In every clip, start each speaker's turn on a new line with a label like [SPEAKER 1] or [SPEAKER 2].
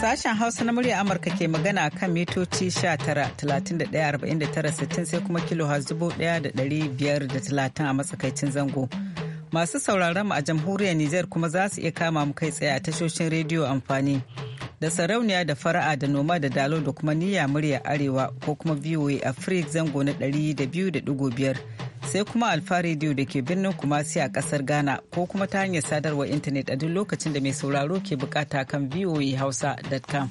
[SPEAKER 1] Sashen Hausa na murya Amurka ke magana kan mitoci 19,31,49,60 sai kuma kilo talatin a matsakaicin zango. Masu sauraron mu a jamhuriyar Nijar kuma za su iya kama mu kai tsaye a tashoshin rediyo amfani da sarauniya da fara'a da noma da dalo da kuma niyya murya arewa ko kuma voa afrik zango na 200.5 sai kuma alfa radio da ke birnin kumasi a kasar ghana ko kuma ta hanyar sadarwar intanet a duk lokacin da mai sauraro ke bukata kan voahausa.com.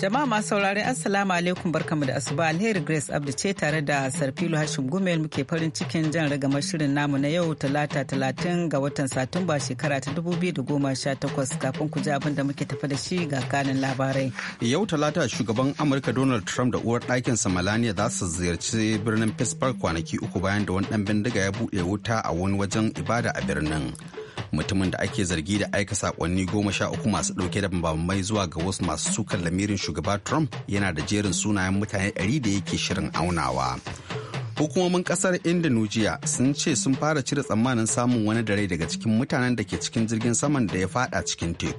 [SPEAKER 1] Jama'a masu saurari Assalamu alaikum barkamu da asuba alheri Grace Abdu ce tare da Sarfilu Hashim Gumel muke farin cikin jan ragamar shirin namu na yau talata talatin ga watan Satumba shekara ta dubu biyu da goma 2018 kafin ku ji abin da muke tafi da shi ga kanin labarai.
[SPEAKER 2] Yau talata shugaban Amurka Donald Trump da uwar ɗakin melania za su ziyarci birnin Pittsburgh kwanaki uku bayan da wani ɗan bindiga ya buɗe wuta a wani wajen ibada a birnin. mutumin da ake zargi da aika sakonni goma sha uku masu ɗauke da bambamai zuwa ga wasu masu sukar lamirin shugaba trump yana da jerin sunayen mutane ɗari da yake shirin aunawa hukumomin kasar indonesia sun ce sun fara cire tsammanin samun wani dare daga cikin mutanen da ke cikin jirgin saman da ya fada cikin teku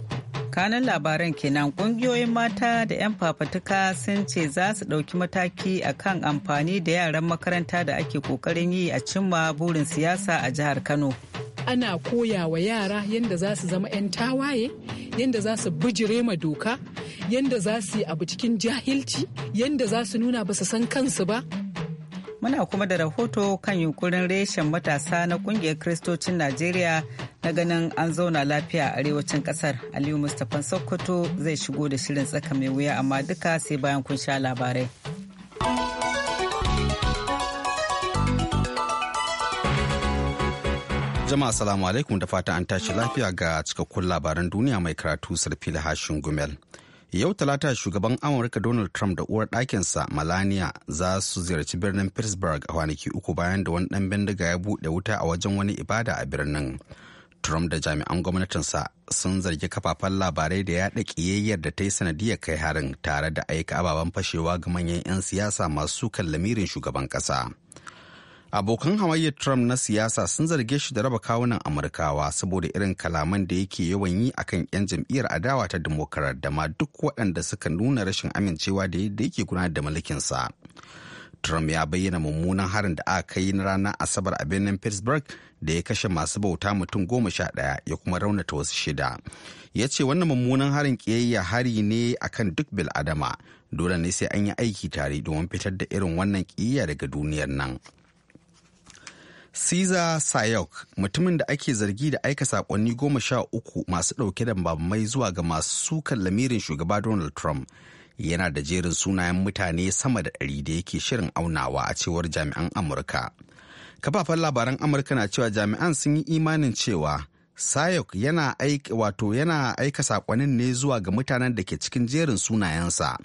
[SPEAKER 1] kanan labaran kenan kungiyoyin mata da 'yan fafatuka sun ce za su ɗauki mataki a kan amfani da yaran makaranta da ake kokarin yi a cimma burin siyasa a jihar kano
[SPEAKER 3] ana koya wa yara yadda za su zama 'yan tawaye yadda za su bijire ma doka yadda za su yi abu cikin jahilci yadda za su nuna ba su san kansu ba
[SPEAKER 1] muna kuma da rahoto kan yunkurin reshen matasa na kungiyar kristocin najeriya na ganin an zauna lafiya a arewacin kasar aliyu mustapha sokoto zai shigo da shirin tsaka mai wuya amma duka sai bayan kun sha labarai
[SPEAKER 2] Jama'a salamu alaikum da fata an tashi lafiya ga cikakkun labaran duniya mai karatu sarfila hashin gumel. Yau talata shugaban Amurka Donald Trump da uwar ɗakinsa Melania za su ziyarci birnin Pittsburgh a kwanaki uku bayan da wani dan bindiga ya buɗe wuta a wajen wani ibada a birnin. Trump da jami'an gwamnatinsa sun zargi kafafen labarai da yaɗa ƙiyayyar da ta yi sanadiyar kai harin tare da aika ababen fashewa ga manyan 'yan siyasa masu kan lamirin shugaban ƙasa. abokan hamayyar trump na siyasa sun zarge shi da raba kawunan amurkawa saboda irin kalaman da yake yawan yi akan 'yan jam'iyyar adawa ta democrat da ma duk waɗanda suka nuna rashin amincewa da yadda yake gudanar da mulkinsa trump ya bayyana mummunan harin da aka yi na ranar asabar a birnin pittsburgh da ya kashe masu bauta mutum goma sha ɗaya ya kuma raunata wasu shida ya ce wannan mummunan harin ƙiyayya hari ne akan duk bil adama dole ne sai an yi aiki tare domin fitar da irin wannan ƙiyayya daga duniyar nan Caesar Sayok mutumin da ake zargi da aika sakonni goma sha uku masu ɗauke da mai zuwa ga masu sukan lamirin shugaba Donald Trump yana da jerin sunayen mutane sama da ɗari da yake shirin aunawa a cewar jami'an Amurka. Kafafen labaran Amurka na cewa jami'an sun yi imanin cewa Sayok yana aika wato yana aika sakonnin ne zuwa ga mutanen da ke cikin jerin sunayensa.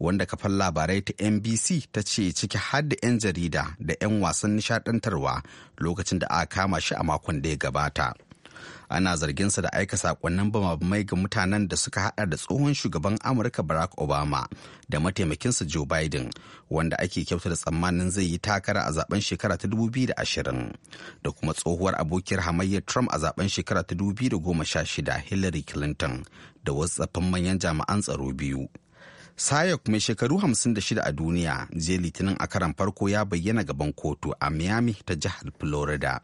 [SPEAKER 2] wanda kafar labarai ta NBC ta ce ciki har da 'yan jarida da 'yan wasan nishadantarwa lokacin da aka kama shi a makon da ya gabata. Ana zarginsa da aika sakonnin bamabamai ga mutanen da suka hada da tsohon shugaban Amurka Barack Obama da mataimakinsa Joe Biden wanda ake kyauta da tsammanin zai yi takara a zaben shekara ta 2020 da kuma tsohuwar abokiyar hamayyar Trump a zaben shekara ta 2016 Hillary Clinton da wasu tsaffin manyan jami'an tsaro biyu. Sayok mai shekaru 56 a duniya zai litinin a karan farko ya bayyana gaban kotu a Miami ta jihar Florida.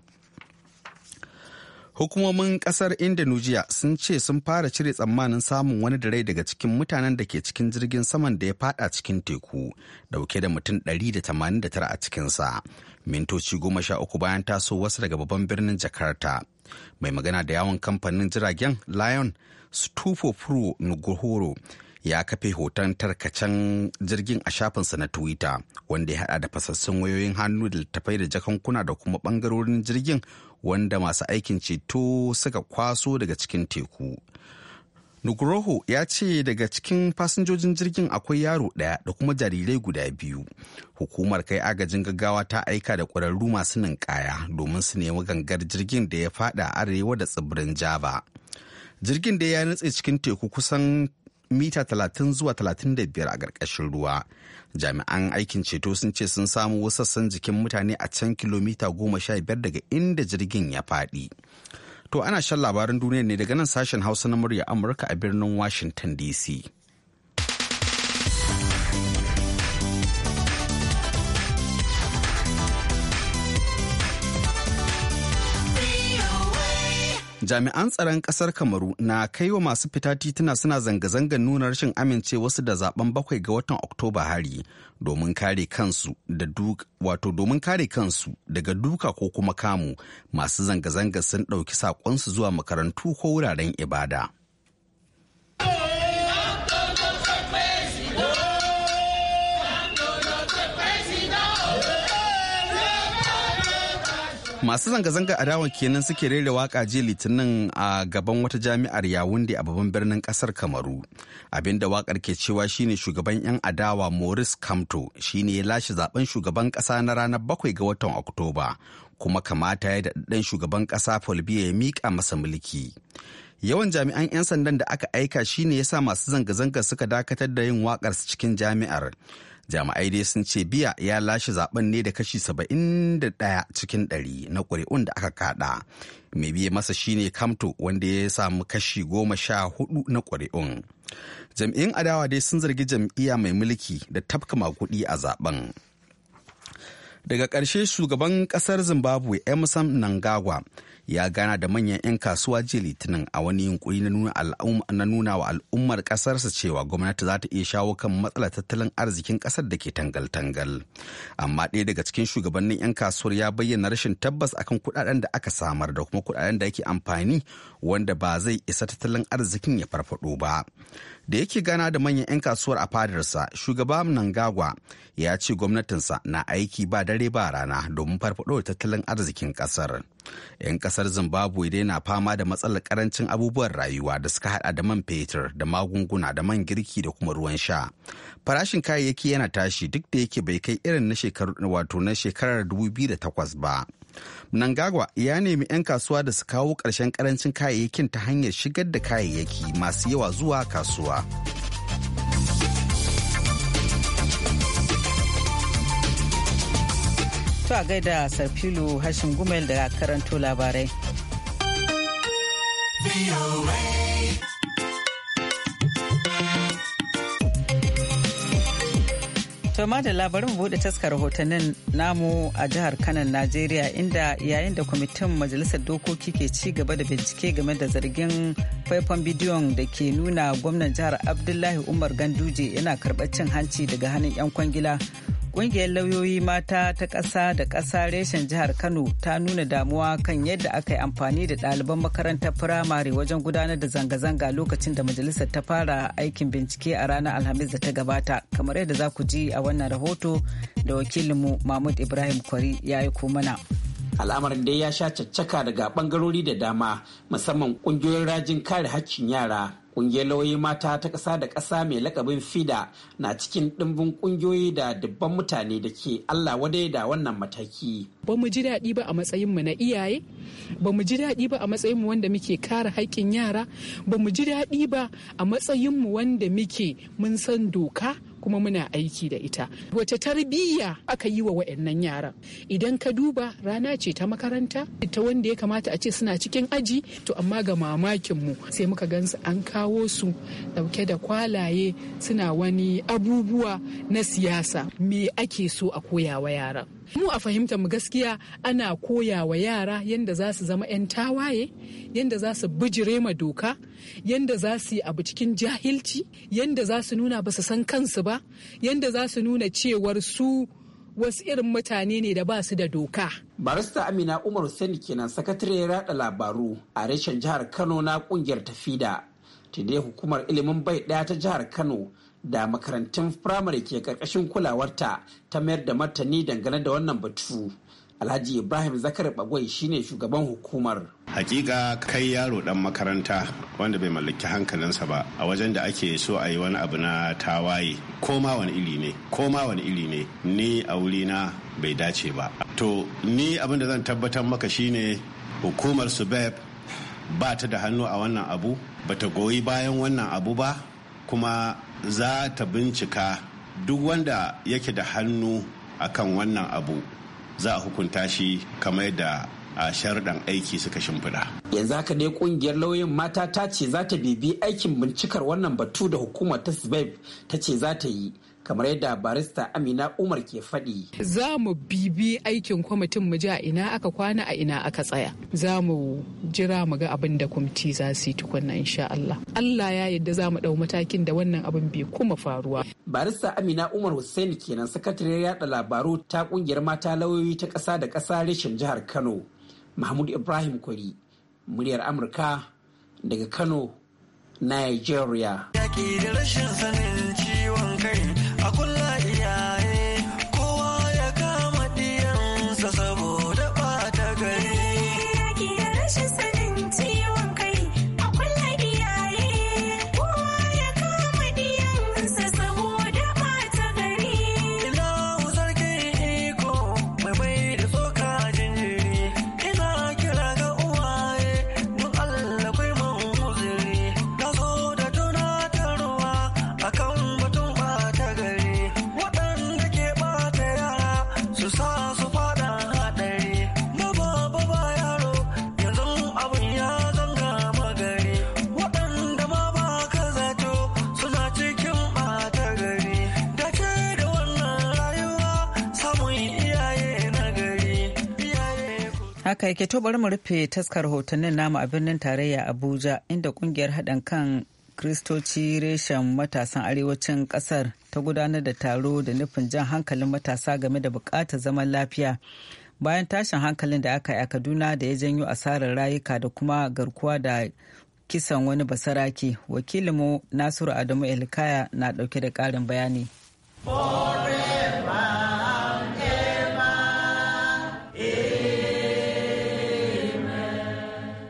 [SPEAKER 2] Hukumomin kasar Indonesia sun ce sun fara cire tsammanin samun wani da rai daga cikin mutanen da ke cikin jirgin saman da ya fada cikin teku dauke da mutum 189 a cikinsa. Mintoci goma sha uku bayan taso wasu daga babban birnin Jakarta. Mai magana da yawon kamfanin jiragen Lion Stufo Pro Nugohoro ya kafe hoton tarkacen jirgin a shafinsa na twitter wanda ya hada da fasassun wayoyin hannu da littafai da jakankuna da kuma bangarorin jirgin wanda masu aikin ceto suka kwaso daga cikin teku nugroho ya ce daga cikin fasinjojin jirgin akwai yaro ɗaya da kuma jarirai guda biyu hukumar kai agajin gaggawa ta aika da ƙwararru masu ninkaya domin su nemi gangar jirgin da ya fada arewa da tsibirin java jirgin da ya nutse cikin teku kusan mita 30 zuwa 35 a ƙarƙashin ruwa. Jami'an aikin ceto sun ce sun samu sassan jikin mutane a can kilomita 15 daga inda jirgin ya faɗi. To ana shan labaran duniya ne daga nan sashen Hausa na murya Amurka a birnin Washington DC. jami'an tsaron kasar kamaru na kai wa masu fita tituna suna zanga-zangar nuna rashin amince wasu da zaben bakwai ga watan oktoba hari domin kare kansu da wato domin kare kansu daga duka ko kuma kamu masu zanga-zangar sun ɗauki saƙonsu zuwa makarantu ko wuraren ibada. masu zanga-zanga a adawa kenan suke rera waka jiya litinin a gaban wata jami'ar yawunde a babban birnin kasar kamaru abinda wakar ke cewa shine shugaban 'yan adawa maurice kamto shine ya lashe zaben shugaban kasa na ranar bakwai ga watan oktoba kuma kamata ya daɗaɗɗen shugaban kasa folbiya ya miƙa masa mulki yawan jami'an 'yan sandan da aka aika shine ya sa masu zanga-zanga suka dakatar da yin wakar cikin jami'ar jami'ai dai sun ce biya ya lashe zaben ne da kashi 71 cikin 100 na ƙuri'un da aka kada mai biya masa shine kamto wanda ya samu kashi 14 na ƙuri'un jam'iyyun adawa dai sun zargi jam'iyya mai mulki da tafka makudi a zaben daga ƙarshe shugaban ƙasar zimbabwe emerson nangagwa ya gana da manyan 'yan kasuwa jiya litinin a wani yunkuri na nuna wa al'ummar kasarsa cewa gwamnati za ta iya shawo kan matsalar tattalin arzikin kasar da ke tangal-tangal amma ɗaya daga cikin shugabannin 'yan kasuwar ya bayyana rashin tabbas akan kuɗaɗen da aka samar da kuma kuɗaɗen da ake amfani wanda ba zai isa tattalin arzikin ya farfaɗo ba da yake gana da manyan 'yan kasuwar a fadarsa shugaba nangagwa ya ce gwamnatinsa na aiki ba dare ba rana domin farfaɗo da tattalin arzikin ƙasar. 'yan ƙasar zimbabwe dai na fama da matsalar karancin abubuwan rayuwa da suka hada da man fetur da magunguna da man girki da kuma ruwan sha farashin kayayyaki yana tashi duk da yake bai kai irin na shekarar wato na shekarar 2008 ba Mnangagwa ya nemi 'yan kasuwa da su kawo ƙarshen ƙarancin kayayyakin ta hanyar shigar da kayayyaki masu yawa zuwa kasuwa.
[SPEAKER 1] To a gaida Sarfilu Hashim Gumel da karanto labarai. To madalla bari mu buɗe taskar rahotannin namu a jihar Kanan Najeriya inda yayin da kwamitin majalisar dokoki ke ci gaba da bincike game da zargin faifan bidiyon da ke nuna gwamnan jihar Abdullahi Umar Ganduje yana karɓar cin hanci daga hannun 'yan kwangila. Ƙungiyar lauyoyi mata ta ƙasa da ƙasa reshen jihar Kano ta nuna damuwa kan yadda aka yi amfani da ɗaliban makarantar firamare wajen gudanar da zanga-zanga lokacin da majalisar ta fara aikin bincike a ranar Alhamis da ta gabata, kamar yadda za ku ji a wannan rahoto da wakilinmu Mahmud Ibrahim Kwari ya yi mana.
[SPEAKER 4] al'amarin dai ya sha caccaka daga ɓangarori da dama musamman ƙungiyoyin rajin kare hakkin yara Ƙungiyar lauyoyi mata ta ƙasa da ƙasa mai lakabin FIDA na cikin ɗimbin ƙungiyoyi da dubban mutane da ke Allah wadai da wannan mataki.
[SPEAKER 3] Ba mu ji daɗi ba a matsayinmu na iyaye, ba mu ji daɗi ba a matsayin mu wanda muke kare haƙƙin yara, ba mu ji daɗi ba a matsayin mu wanda muke mun san doka kuma muna aiki da ita wata tarbiyya aka yi wa wa'annan yaran idan ka duba rana ce ta makaranta ta wanda ya kamata a ce suna cikin aji to amma ga mamakin mu sai muka gansu an kawo su dauke da kwalaye suna wani abubuwa na siyasa me ake so a koya wa yaran mu a fahimta mu gaskiya ana koya wa yara yadda za su zama 'yan tawaye yadda za su bijire ma doka yadda za su yi abu cikin jahilci yadda za su nuna ba su san kansu ba yadda za su nuna cewar su wasu irin mutane ne da ba su da doka.
[SPEAKER 4] Barista Amina Umar sani kenan sakatare rada labaru a reshen jihar Kano na kungiyar Tafida. dai hukumar ilimin bai ɗaya ta jihar kano da makarantun firamare ke karkashin kulawarta ta mayar da martani dangane da wannan batu alhaji ibrahim zakar bagwai shine shugaban hukumar hakika
[SPEAKER 5] kai yaro dan makaranta wanda bai mallaki hankalinsa ba a wajen da ake so a yi wani abu na tawaye ko ma wani iri ne ko ma wani iri ne ni a wurina bai dace ba to ni abin da zan tabbatar maka shine hukumar subeb ba ta da hannu a wannan abu bata goyi bayan wannan abu ba kuma za ta bincika duk wanda yake da hannu akan wannan abu za a hukunta shi
[SPEAKER 4] kamar da a sharɗan aiki suka shimfiɗa. yanzu haka ne kungiyar lauyin mata ta ce za ta bibi aikin bincikar wannan batu da hukumar ta ta ce za ta yi kamar yadda barista amina umar ke faɗi.
[SPEAKER 3] za mu bibi aikin kwamitin mu ji a ina aka kwana a ina aka tsaya za mu jira mu ga abin da kwamiti za su yi tukunna insha Allah Allah ya yadda za mu ɗau matakin da wannan abin bai kuma faruwa. barista
[SPEAKER 4] amina umar hussein kenan sakatariyar yada labaru ta kungiyar mata lauyoyi ta ƙasa da ƙasa reshen jihar kano mahmud ibrahim kwari muryar amurka daga kano nigeria.
[SPEAKER 6] da rashin sanin ciwon kai
[SPEAKER 1] haka yake to bari mu rufe taskar hotunan namu a birnin tarayya Abuja inda kungiyar haɗin kan Kristoci reshen matasan arewacin ƙasar ta gudanar da taro da nufin jan hankalin matasa game da buƙatar zaman lafiya bayan tashin hankalin da aka yi a Kaduna da ya janyo asarar rayuka da kuma garkuwa da kisan wani basaraki wakilinmu Nasiru Adamu Elkaya na ɗauke da ƙarin bayani.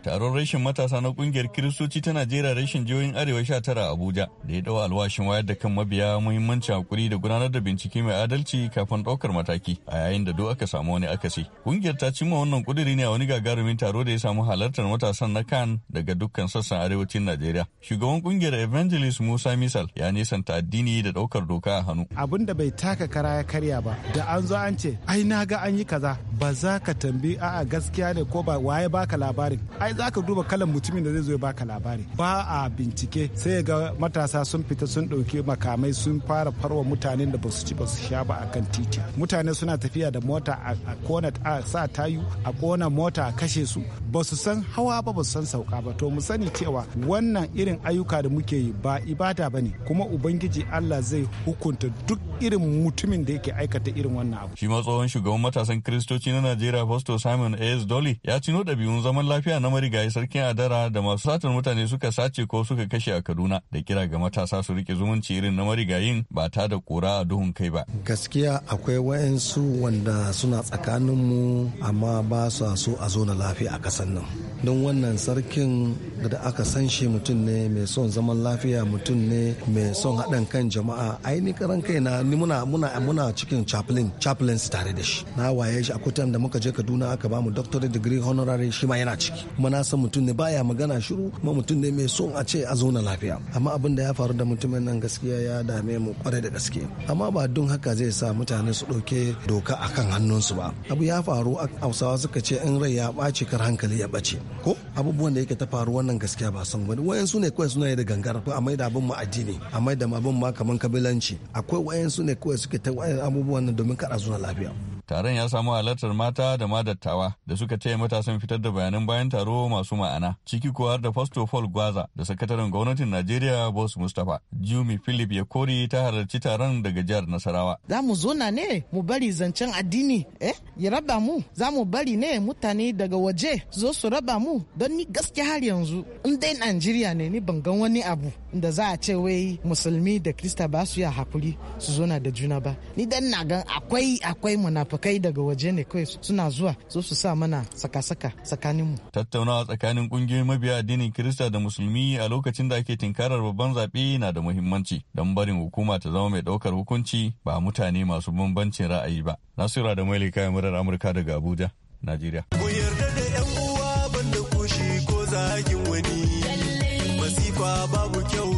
[SPEAKER 7] taron rashin matasa na kungiyar kiristoci ta najeriya rashin jihohin arewa 19 a abuja da ya dawo alwashin wayar da kan mabiya muhimmanci hakuri da gudanar da bincike mai adalci kafin ɗaukar mataki a yayin da duk aka samu wani akasi kungiyar ta cimma wannan kuduri ne a wani gagarumin taro da ya samu halartar matasan na kan daga dukkan sassan arewacin najeriya shugaban kungiyar evangelist musa misal ya nisanta addini da ɗaukar doka a hannu
[SPEAKER 5] abin da bai taka kara ya karya ba da an zo an ce ai na ga an yi kaza ba za ka tambi a'a gaskiya ne ko ba waye baka labarin ai za ka duba kalan mutumin da zai zo ya baka labari ba a bincike sai ga matasa sun fita sun ɗauki makamai sun fara farwa mutanen da basu ci su sha ba akan titi mutane suna tafiya da mota a kona a sa tayu a kona mota a kashe su ba su san hawa ba su san sauka ba to mu sani cewa wannan irin ayyuka da muke yi ba ibada ba ne kuma ubangiji Allah zai hukunta duk irin mutumin da yake aikata irin wannan abu
[SPEAKER 7] shi ma tsohon shugaban matasan Kiristoci. Ministoci na Najeriya Fosto Simon A.S. Dolly ya cino ɗabi'un zaman lafiya na marigayi sarkin Adara da masu satar mutane suka sace ko suka kashe a Kaduna da kira ga matasa su rike zumunci irin na marigayin ba ta da kura a duhun kai ba.
[SPEAKER 8] Gaskiya akwai wa'ansu wanda suna tsakaninmu amma ba sa so a zo na lafiya a ƙasar nan. Don wannan sarkin da aka san shi mutum ne mai son zaman lafiya mutum ne mai son haɗin kan jama'a aini karan na ni muna muna muna cikin chaplain chaplains tare da shi na waye shi a kutan da muka je Kaduna aka mu doctorate degree honorary shi ma yana ciki kuma na san mutum ne baya magana shiru kuma mutum ne mai son a ce a zauna lafiya amma abin da ya faru da mutumin nan gaskiya ya dame mu kwarai da gaske amma ba don haka zai sa mutane su ɗauke doka a akan hannunsu ba abu ya faru hausawa suka ce in rai ya ɓaci kar hankali ya ɓace ko abubuwan da yake ta faruwa wannan gaskiya ba san wani wayan su ne kawai suna da gangar a mai da abin mu addini a mai da abin ma kaman kabilanci akwai wayan su ne kawai suke ta wayan abubuwan nan domin kada suna lafiya
[SPEAKER 7] taron ya samu halartar mata da ma dattawa da suka taya matasan fitar da bayanan bayan taro masu ma'ana ciki kuwa har da Fasto Paul Gwaza da sakataren gwamnatin Najeriya Boss Mustapha. Jumi Philip ya kori ta halarci taron daga jihar Nasarawa.
[SPEAKER 3] Za mu zona ne mu bari zancen addini eh ya raba mu za mu bari ne mutane daga waje zo su raba mu don ni gaskiya har yanzu in dai Najeriya ne ni ban gan wani abu da za a ce wai musulmi da krista ba su ya hakuri su zona da juna ba ni dan na gan akwai akwai munafa munafukai daga waje ne kawai suna zuwa su su sa mana saka-saka tsakanin mu.
[SPEAKER 7] Tattaunawa tsakanin kungiyoyin mabiya addinin Kirista da Musulmi a lokacin da ake tinkarar babban zaɓe na da muhimmanci don barin hukuma ta zama mai ɗaukar hukunci ba mutane masu bambancin ra'ayi ba. nasira da Maili kayan murar Amurka daga Abuja, Najeriya.
[SPEAKER 9] Ku yarda da 'yan uwa kushi ko zagin wani. Masifa babu kyau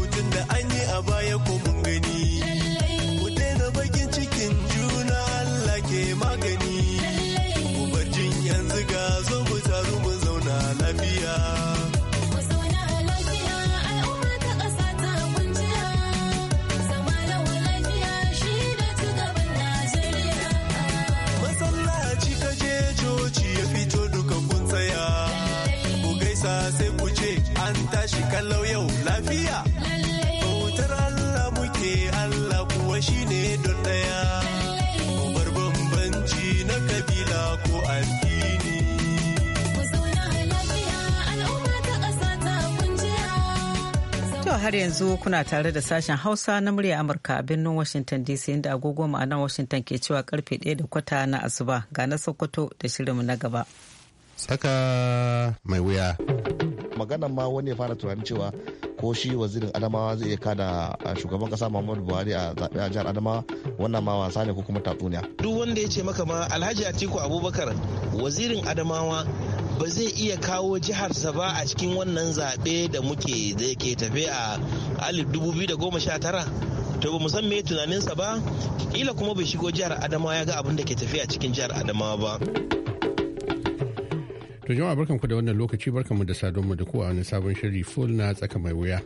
[SPEAKER 9] doesn't
[SPEAKER 1] har yanzu kuna tare da sashen Hausa na murya Amurka a birnin Washington DC inda agogo ma'anar Washington ke cewa karfe 1 da kwata na asuba ga na Sokoto da shirinmu na gaba.
[SPEAKER 10] Saka mai wuya.
[SPEAKER 1] magana ma wani ya fara tunanin cewa
[SPEAKER 8] ko shi wazirin adamawa zai iya kada shugaban kasa muhammadu buhari a zaɓe a jihar adamawa wannan ma wasa ne ko kuma tatsuniya
[SPEAKER 6] duk wanda ya ce maka ma alhaji atiku abubakar wazirin adamawa ba zai iya kawo jiharsa ba a cikin wannan zaɓe da muke da ke tafe a 2019 to ba mu san me tunaninsa ba kila kuma bai shigo jihar adamawa ya ga abin da ke tafiya cikin jihar adamawa ba
[SPEAKER 10] To jama'a barkanku da wannan lokaci barkanmu da sadonmu da kowa wani sabon shiri full na tsaka mai wuya.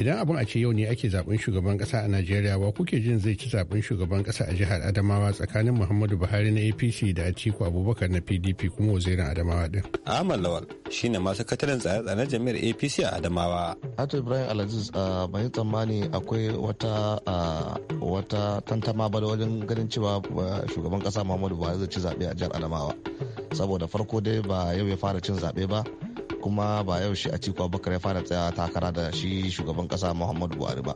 [SPEAKER 10] idan abin a ce yau ne ake zaben shugaban kasa a najeriya wa kuke jin zai ci zaben shugaban kasa a jihar adamawa tsakanin muhammadu buhari na apc da atiku abubakar na pdp kuma wazirin adamawa din
[SPEAKER 9] ahmad lawal shine masu katalin tsare-tsare jami'ar
[SPEAKER 8] apc a adamawa hatu ibrahim alaziz ban yi tsammani akwai wata wata tantama ba da wajen ganin cewa shugaban kasa muhammadu buhari zai ci zaɓe a jihar adamawa saboda farko dai ba yau ya fara cin zaɓe ba kuma ba yau shi a cikin abubakar ya fara tsaya takara da shi shugaban kasa muhammadu buhari ba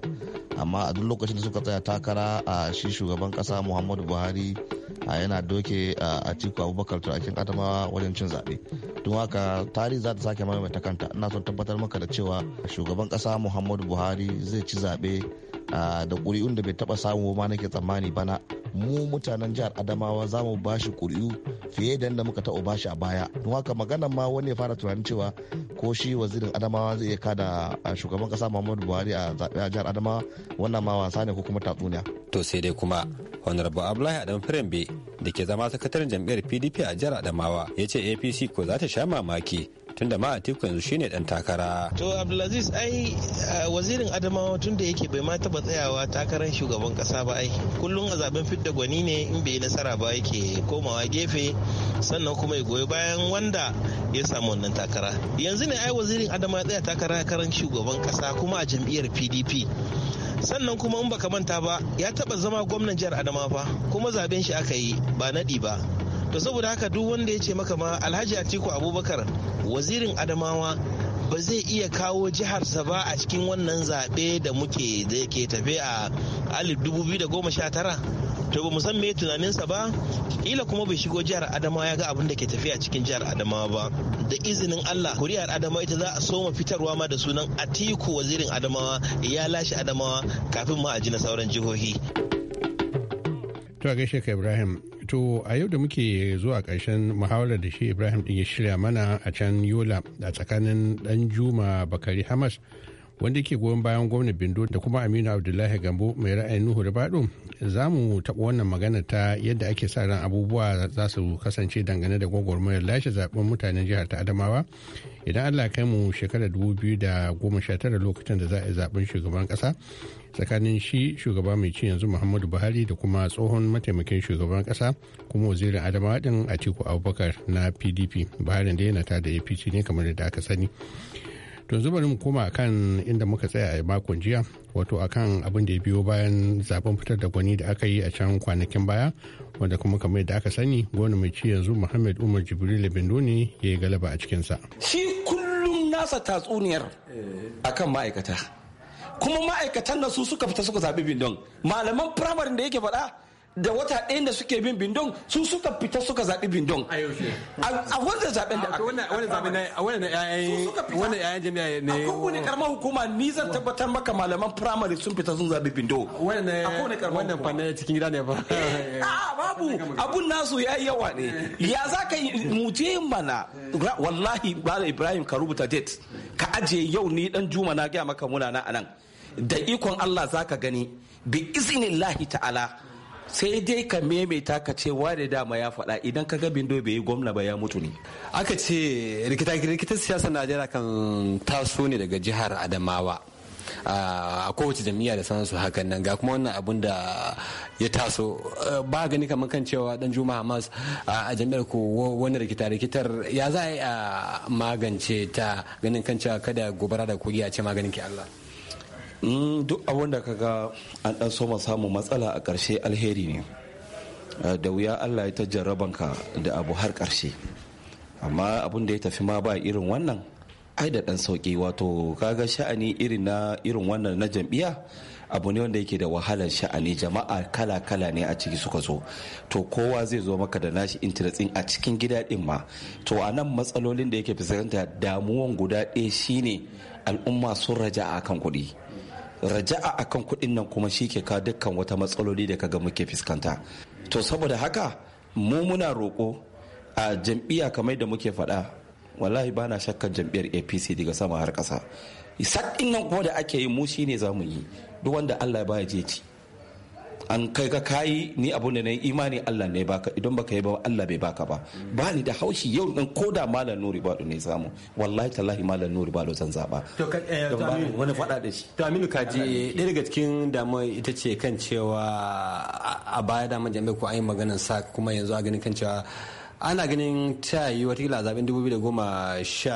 [SPEAKER 8] amma a duk lokacin da suka tsaya takara a shi shugaban kasa muhammadu buhari a yana doke a ciku abubakar turakin adamawa wajen cin zaɓe don haka tarihi za ta sake ta kanta ina son tabbatar maka da cewa shugaban kasa muhammadu buhari zai ci zaɓe da ƙuri'un da bai taɓa samu ma nake tsammani bana mu mutanen jihar adamawa za mu bashi kuri'u fiye da yadda muka taɓa bashi a baya don haka magana ma wani ya fara tunanin cewa ko shi wazirin adamawa zai iya kada shugaban kasa muhammadu buhari a zaɓe a jihar adamawa wannan ma wasa ne ko kuma tatsuniya. to sai
[SPEAKER 9] dai kuma honorable abdullahi adam firambe da ke zama sakataren jam'iyyar pdp a jihar adamawa ya ce apc ko za ta sha mamaki tunda ma Atiku yanzu shine dan takara.
[SPEAKER 6] To Abdulaziz ai wazirin Adamawa tun tunda yake bai ma taba tsayawa takarar shugaban kasa ba ai. Kullum a zaben fidda gwani ne in bai nasara ba yake komawa gefe sannan kuma ya goyi bayan wanda ya samu wannan takara. Yanzu ne ai wazirin Adamawa tsaya takara karan shugaban kasa kuma a jam'iyyar PDP. sannan kuma in baka manta ba ya taba zama gwamnan jihar adama fa kuma zaben shi aka yi ba naɗi ba to saboda haka duk wanda ya ce maka ma alhaji atiku abubakar wazirin adamawa ba zai iya kawo jiharsa ba a cikin wannan zaɓe da muke da ke tafe a 2019 to ba san me tunaninsa ba Ila kuma bai shigo jihar adamawa ya ga abin da ke a cikin jihar adamawa ba da izinin allah kuri'ar adamawa ita za a soma fitarwa ma da sunan atiku wazirin adamawa ya lashe adamawa kafin ma a ji na sauran jihohi.
[SPEAKER 10] To a gaishe ka Ibrahim, to a yau da muke zuwa karshen muhawarar da shi Ibrahim ɗin ya shirya mana a can Yola a tsakanin ɗan Juma Bakari Hamas wanda ke goyon bayan gwamnan bindo da kuma aminu abdullahi gambo mai ra'ayin nuhu da baɗo za mu taɓa wannan magana ta yadda ake sa ran abubuwa za su kasance dangane da gwagwarmayar lashe zaɓen mutanen jihar ta adamawa idan allah kai mu shekarar tara lokacin da za a yi zaben shugaban ƙasa tsakanin shi shugaba mai ci yanzu muhammadu buhari da kuma tsohon mataimakin shugaban kasa kuma wazirin adamawa din atiku abubakar na pdp buhari da yana da apc ne kamar da aka sani yanzu bari mu koma kan inda muka tsaya a makon jiya wato akan abin da ya biyo bayan zaben fitar da gwani da aka yi a can kwanakin baya wanda kuma kamar yadda aka sani gwani mai ci yanzu muhammad umar jibril bindo ya yi galaba a cikinsa
[SPEAKER 11] shi kullum nasa tatsuniyar a kan ma'aikata kuma ma'aikatan nan su suka fita suka zaɓi bindon malaman firamare da yake faɗa da wata ɗayan da suke bin bindon su suka fita suka zaɓi bindon
[SPEAKER 3] a
[SPEAKER 11] wanda zaɓen da aka ya zaɓen na wani ƴaƴan wannan jami'a ne a kowane karamar hukuma ni zan tabbatar maka malaman primary sun fita sun zaɓi bindo
[SPEAKER 10] wannan
[SPEAKER 9] wannan fannin cikin gida ne ba eh, babu
[SPEAKER 11] abun nasu ya yi yawa ne
[SPEAKER 9] ya za ka yi
[SPEAKER 11] muje mana wallahi bala ibrahim ka rubuta date ka ajiye yau ni dan juma na gaya maka muna na anan da ikon Allah za ka gani bi lahi ta'ala sai dai ka maimaita ka ce da dama ya faɗa idan ka ga bindo bai yi gwamna ba ya
[SPEAKER 9] mutu ne aka ce rikita rikitar siyasar najeriya kan taso ne daga jihar adamawa a kowace jam'iyya da sanansu hakan nan ga kuma wannan abun da ya taso ba gani kamar kan cewa dan juma hamas a jam'iyyar ku wani rikita rikitar ya za a magance ta ganin kan cewa kada gobara da kogi a ce maganin ki allah
[SPEAKER 11] Mm, duk abin da kaga an dan soma samun matsala a ƙarshe alheri ne eh, da wuya allah ya ta jarrabanka da abu har ƙarshe amma abin da ya tafi ma ba irin wannan ai da dan sauki wato kaga sha'ani irin na irin wannan na jam'iyya abu ne wanda yake da wahalar sha'ani jama'a kala kala ne a ciki suka zo to kowa zai zo maka da nashi intanetin a cikin gida din ma to a nan matsalolin da yake fuskanta damuwan guda ɗaya shine al'umma sun raja a kan kuɗi raja'a akan kuɗin nan kuma shi ke ka dukkan wata matsaloli da kaga muke fuskanta to saboda haka mu muna roƙo a jam'iyya kamar da muke faɗa wallahi ba na shakkan jam'iyyar apc daga sama har ƙasa saɗin nan kuma da ake yi mu shine za mu yi duk wanda allah ya ba ya je ci an kai ka kayi ni abun da na yi imani Allah ne baka idan baka yi ba Allah bai baka ba ba ni da haushi yau dan koda malam nuri ba ne samu wallahi tallahi malam nuri eh, ba zan zaba to
[SPEAKER 9] kan wani fada da shi to aminu kaji ɗaya daga cikin damuwa ita ce kan cewa a baya da jami'a ko an yi maganar sa kuma yanzu a ganin kan cewa ana ganin ta yi watakila zaben 2019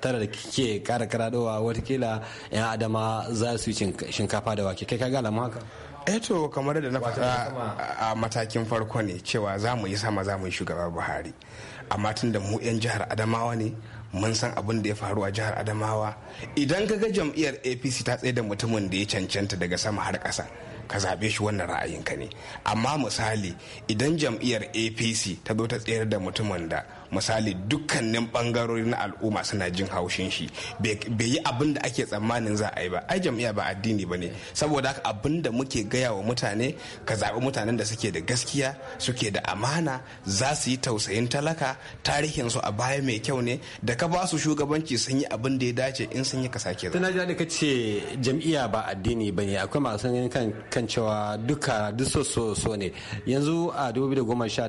[SPEAKER 9] da ke kara karadowa watakila 'yan adama za su yi shinkafa da wake kai ka ga alamun haka eto kamar da na faɗa
[SPEAKER 5] a matakin farko ne cewa za mu yi sama za mu yi shugaba buhari amma tun da mu 'yan jihar adamawa ne mun san abin da ya faru a jihar adamawa idan ka ga jam'iyyar apc ta tsaye da mutumin da ya cancanta daga sama har ƙasa ka zaɓe shi wannan ra'ayinka ne amma misali idan jam'iyyar apc ta zo ta tsayar da mutumin da misali dukkanin bangarori na al'umma suna jin haushin shi bai yi abin da ake tsammanin za a yi ba ai jam'iyya ba addini ba ne saboda haka abin da muke gaya wa mutane ka zaɓi mutanen da suke da gaskiya suke da amana za su yi tausayin talaka tarihin su a baya mai kyau ne da ka ba su shugabanci sun yi abin da ya dace in sun yi ka sake zama.
[SPEAKER 9] Tana da ka ce jam'iyya ba addini ba ne akwai masu ganin kan cewa duka duk so so ne yanzu a 2018 eh,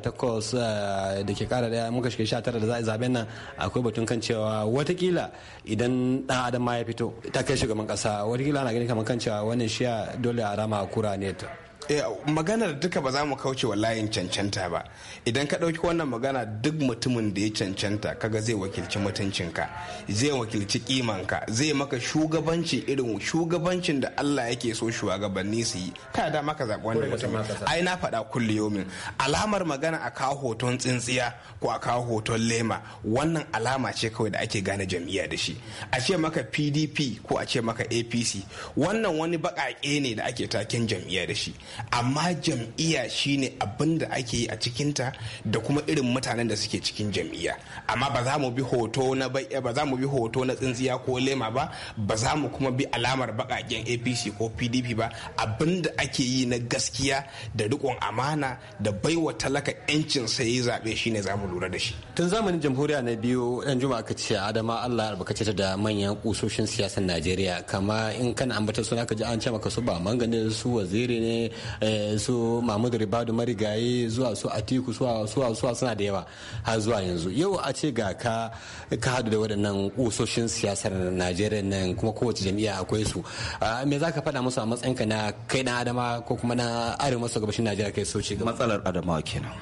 [SPEAKER 9] da ke kara daya muka shiga 2019 da za a zaben nan akwai batun kan cewa watakila idan dan adam ma ya fito ta kai shugaban kasa watakila na gani kamar kan cewa wannan shiya dole a rama kura ne ta Eh, maganar
[SPEAKER 5] duka ba za mu kauce wa layin cancanta ba idan ka ɗauki wannan magana duk mutumin da ya cancanta kaga zai wakilci mutuncinka zai wakilci kimanka zai maka shugabanci irin shugabancin da Allah yake so shugabanni su yi Ka da maka zaɓi wannan mutumin ai na faɗa kulli yomin alamar magana a kawo hoton tsintsiya ko a kawo hoton lema wannan alama ce kawai da ake gane jam'iyya da shi a ce maka PDP ko a ce maka APC wannan wani baƙaƙe ne da ake taken jam'iyya da shi amma jam'iyya shine abin da ake yi a cikinta da kuma irin mutanen da suke cikin jam'iyya amma ba za mu bi hoto na ba za mu bi hoto na tsintsiya ko lema ba ba za mu kuma bi alamar bakaken apc ko pdp ba abin da ake yi na gaskiya da riƙon amana da baiwa talaka 'yancin sai yi zaɓe shine
[SPEAKER 9] za mu lura da shi tun zamanin jamhuriya na biyu yan juma aka ce adama allah albarkace ta da manyan kusoshin siyasar najeriya kama in kana ambata suna ka ji an ce maka su ba manganin su waziri ne Eh, su mahmud ribadu marigayi zuwa su atiku zuwa zuwa suna da yawa har zuwa yanzu yau a ce ga ka ka hadu da waɗannan kusoshin siyasar najeriya nan kuma kowace jam'iyya akwai su ah, me za ka faɗa musu a matsayinka na kai na adama ko kuma na arewa maso gabashin najeriya kai soci matsalar adama kenan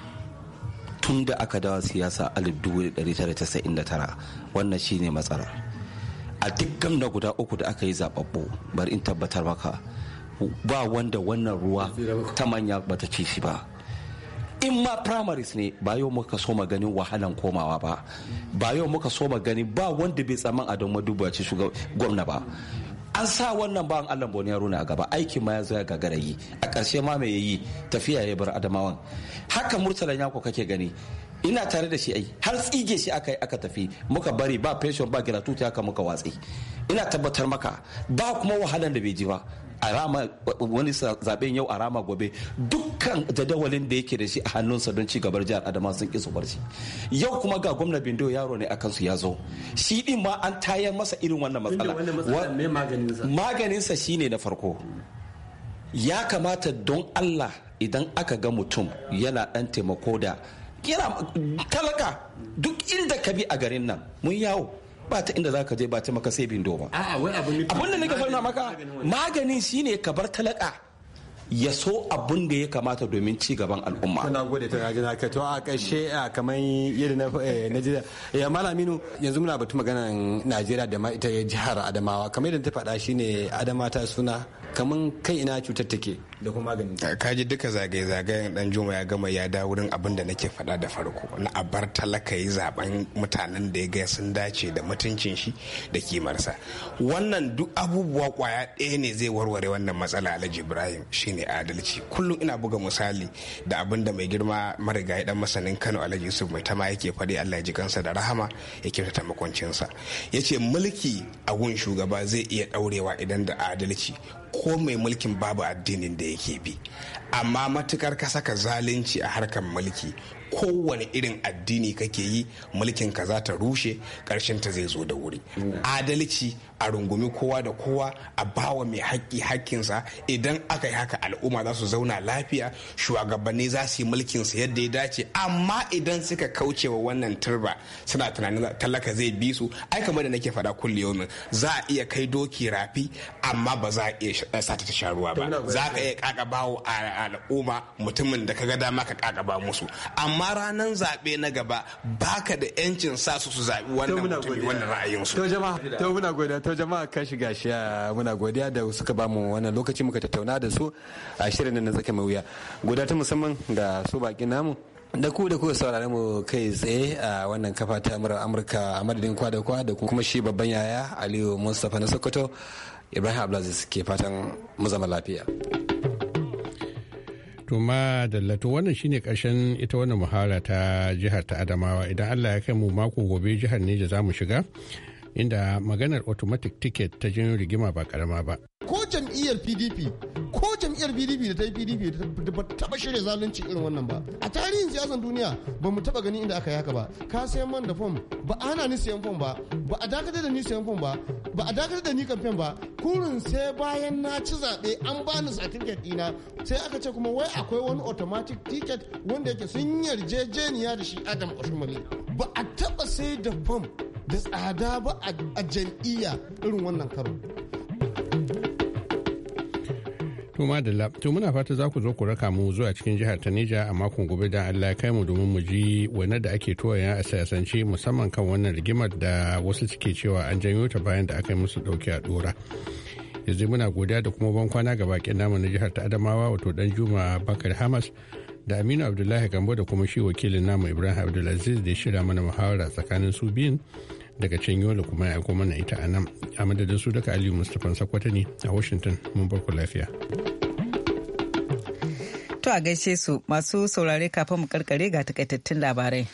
[SPEAKER 11] tun da aka dawa siyasa a 1999 wannan shine matsalar a dukkan da guda uku da aka yi zababbo bari in tabbatar maka ba wanda wannan ruwa ta manya bata ci shi ba in ma primaries ne ba yau muka so ganin wahalan komawa ba ba yau muka so gani ba wanda bai tsaman a don maduba ci gwamna ba an sa wannan ba allan Boni Haruna a gaba aikin ma ya zo ya gagara yi a ƙarshe ma mai yi tafiya ya bar Adamawan haka Murtala ya Yako kake gani ina tare da shi ai har tsige shi aka yi aka tafi muka bari ba pension ba gratuity haka muka watsi ina tabbatar maka ba kuma wahalan da bai ji ba a rama wani zaben yau a rama gobe dukkan jadawalin da yake da shi a hannunsa don ci gabar jihar adama sun ƙi su barci yau kuma ga gwamna bindo yaro ne akan su ya zo shi din ma an tayar masa irin wannan matsala maganinsa shine na farko ya kamata don allah idan aka ga mutum yana dan taimako da yana talaka duk inda ka bi a garin nan mun yawo ba ta inda zaka je ba ta maka sai bindo ba abin da
[SPEAKER 9] nake faɗa maka
[SPEAKER 11] maganin shine ka bar talaka ya so abun da ya kamata domin ci gaban al'umma.
[SPEAKER 9] Kuna gode ta rajina ka to a ƙarshe a kamar yadda na eh, Najeriya. Ya eh, malaminu yanzu muna batu maganar Najeriya da ma ita jihar Adamawa kamar yadda ta faɗa shine Adama ta suna kamar kai ina cutar take da kuma magani. ka ji duka
[SPEAKER 5] zagaye-zagayen dan juma ya gama ya da wurin abin da nake faɗa da farko na abar talaka yi zaben mutanen da ya ga sun dace da mutuncin shi da kimarsa wannan duk abubuwa kwaya ɗaya ne zai warware wannan matsala alhaji ibrahim shi shine adalci kullum ina buga misali da abin da mai girma marigayi dan masanin kano alhaji yusuf mai tama yake faɗi allah ji kansa da rahama ya kyauta makwancinsa ya ce mulki a gun shugaba zai iya ɗaurewa idan da adalci ko mai mulkin babu addinin da yake bi amma matukar ka saka zalunci a harkar mulki kowane irin addini kake yi mulkin ka za ta rushe karshen ta zai zo da wuri adalci a rungumi kowa da kowa a bawa mai haƙƙi haƙƙinsa idan aka yi haka al'umma za su zauna lafiya shugabanni za su yi mulkinsu yadda ya dace amma idan suka kauce wa wannan turba suna tunanin talaka zai bi su ai kamar da nake faɗa kulle yau za a iya kai doki rafi amma ba za a iya eh, sata ta sha ruwa ba za ka iya bawo a al'umma mutumin da ka ga dama ka ba musu amma ranar zaɓe na gaba baka da 'yancin sa su su zaɓi wannan mutumin wannan ra'ayinsu.
[SPEAKER 9] to jama'a ka shiga shi muna godiya da suka ba mu wannan lokaci muka tattauna da su a shirin na zaka mai wuya guda ta musamman da su baki namu da ku da ku saurare mu kai tsaye a wannan kafa ta murar amurka a madadin kwa da kwa da kuma shi babban yaya aliyu mustapha na sokoto ibrahim abdulaziz ke fatan mu zama lafiya
[SPEAKER 10] to ma dallato wannan shine karshen ita wannan muhara ta jihar ta adamawa idan allah ya kai mu mako gobe jihar ne da za mu shiga inda maganar automatic ticket ta jin rigima ba karama ba
[SPEAKER 8] ko jam'iyyar pdp ko jam'iyyar pdp da ta yi pdp da ba taba shirya zalunci irin wannan ba a tarihin siyasan duniya ba mu taba gani inda aka yaka ba ka sayan man da fom ba a hana ni sayan fom ba ba a dakatar da ni sayan fom ba ba a dakatar da ni kamfen ba kurin sai bayan na ci zaɓe an bani certificate ɗina sai aka ce kuma wai akwai wani automatic ticket wanda yake sun yarjejeniya da shi adam Osman. ba a taba sai da fom da tsada ba a jam'iyya irin wannan karo
[SPEAKER 10] To madalla, to muna fata za ku zo ku raka mu zuwa cikin jihar ta Neja a makon gobe da Allah ya kai mu domin mu ji wani da ake toya a siyasance musamman kan wannan rigimar da wasu suke cewa an janyo ta bayan da aka yi musu dauki a dora. Yanzu muna godiya da kuma ban kwana ga bakin namu na jihar ta Adamawa wato dan Juma Bakar Hamas da Aminu Abdullahi Gambo da kuma shi wakilin namu Ibrahim Abdulaziz da shirya mana muhawara tsakanin su biyun. daga can yola kuma ya aiko mana ita a nan a madadin su daga aliyu mustapha sakwata ne a washington mun barku lafiya
[SPEAKER 1] to a gaishe su masu saurare kafin mu karkare ga takaitattun labarai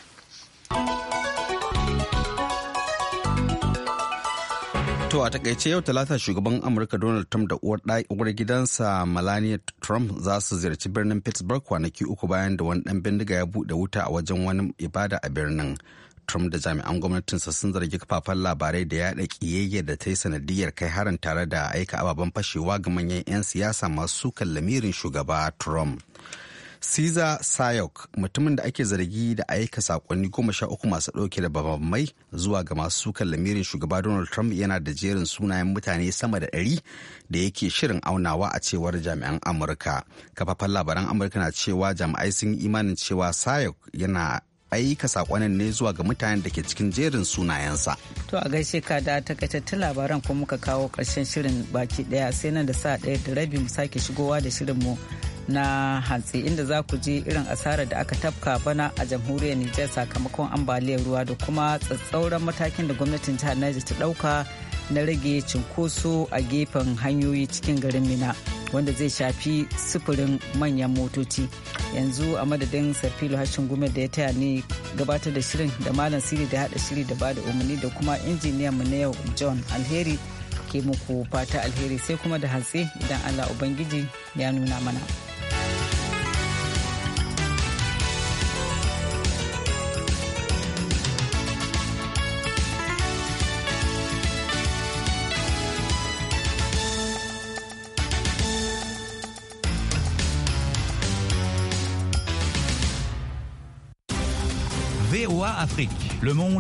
[SPEAKER 2] To a takaice yau talata shugaban Amurka Donald Trump da uwar gidansa Melania Trump za su ziyarci birnin Pittsburgh kwanaki uku bayan da wani dan bindiga ya buɗe wuta a wajen wani ibada a birnin. Trump da jami'an gwamnatinsa sun zargi kafafen labarai da yaɗa kiyayya da ta yi sanadiyar kai harin tare da aika ababen fashewa ga manyan 'yan siyasa masu sukan shugaba Trump. Caesar Sayok mutumin da ake zargi da aika sakonni goma sha uku masu ɗauke da babamai zuwa ga masu sukan lamirin shugaba Donald Trump yana da jerin sunayen mutane sama da ɗari da yake shirin aunawa a cewar jami'an Amurka. Kafafen labaran Amurka na cewa jami'ai sun yi imanin cewa Sayok yana aika sakonin ne zuwa ga mutanen da ke cikin jerin sunayensa.
[SPEAKER 1] To a gaishe ka da takaitattun labaran kuma muka kawo karshen shirin baki ɗaya sai nan da sa ɗaya da rabi mu sake shigowa da shirin mu na hantsi inda za ku ji irin asarar da aka tafka bana a jamhuriyar Nijar sakamakon ambaliyar ruwa da kuma tsatsauran matakin da gwamnatin jihar Niger ta ɗauka na rage cinkoso a gefen hanyoyi cikin garin Mina. wanda zai shafi sufurin manyan motoci yanzu a madadin sarfilo hashin gume da ya taya ne gabatar da shirin da malam siri da hada shiri da bada umarni da kuma injiniyan mu na yau john alheri ke muku fata alheri sai kuma da hatsi idan allah ubangiji ya nuna mana.
[SPEAKER 7] Afrique. Le monde